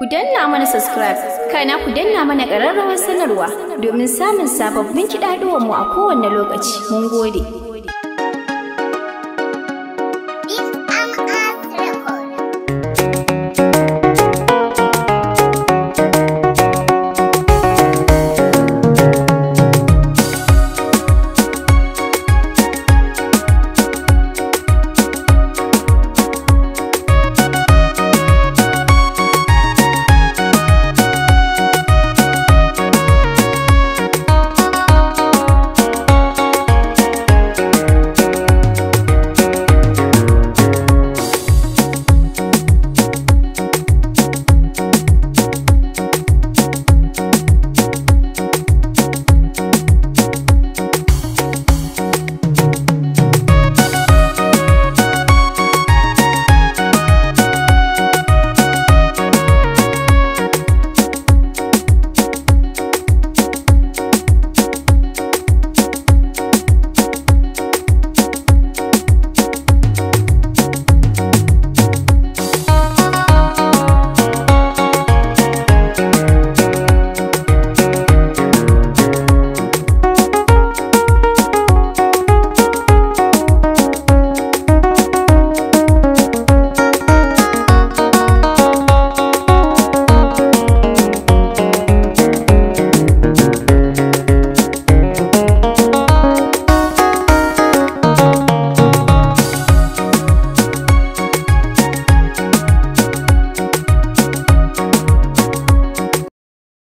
Ku danna mana subscribe, kana ku danna mana ƙararrawar sanarwa domin samun sababbin mu a kowane lokaci. Mun gode.